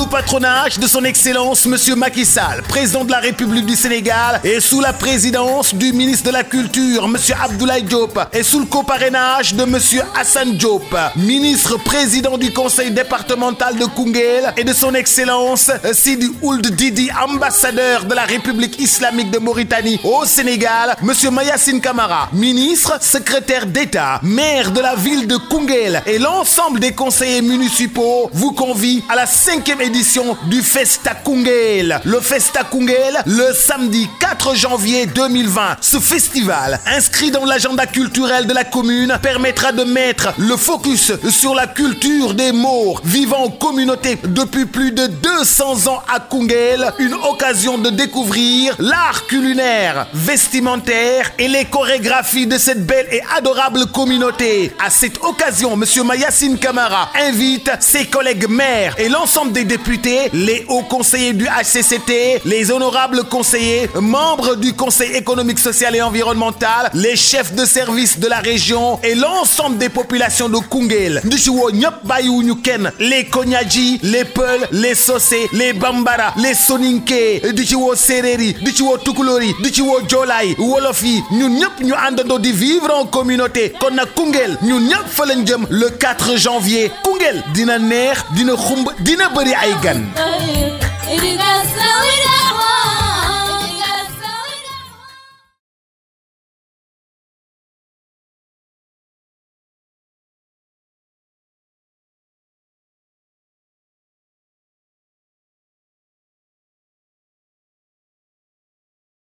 le patronage de son excellence monsieur Macky président de la République du Sénégal et sous la présidence du ministre de la Culture monsieur Abdoulaye Diop et sous le coparrainage de m Assane Diop, ministre président du conseil départemental de Koungheul et de son excellence Sidi Ould Didi, ambassadeur de la République islamique de Mauritanie au Sénégal, monsieur Mayassine Camara, ministre, secrétaire d'État, maire de la ville de Koungheul et l'ensemble des conseillers municipaux vous convient édition du Festa Koungheul le Festa Koungheul le samedi 4 janvier 2020 ce festival inscrit dans l'agenda culturel de la commune permettra de mettre le focus sur la culture des Maures vivant en communauté depuis plus de 200 ans à Koungheul une occasion de découvrir l'art culinaire vestimentaire et les chorégraphies de cette belle et adorable communauté à cette occasion monsieur Mayassine Camara invite ses collègues maires et l'ensemble des députés, les hauts conseillers du HCCT, les honorables conseillers, membres du Conseil économique, social et environnemental, les chefs de service de la région et l'ensemble des populations de Koungheul ñu ci woo ñëpp bàyyiwuñu kenn les Kognaaji les Peul les Socé les Bambara les Soninké di ci woo séeréer yi di ci woo tukulóor yi di ci woo joolaa yi wolof yi ñun ñëpp ñu àndandoo di vivre en communauté kon nag Koungheul ñun ñëpp fa lañ jëm le 4 janvier Koungheul dina neex dina xumb dina bëri ay gan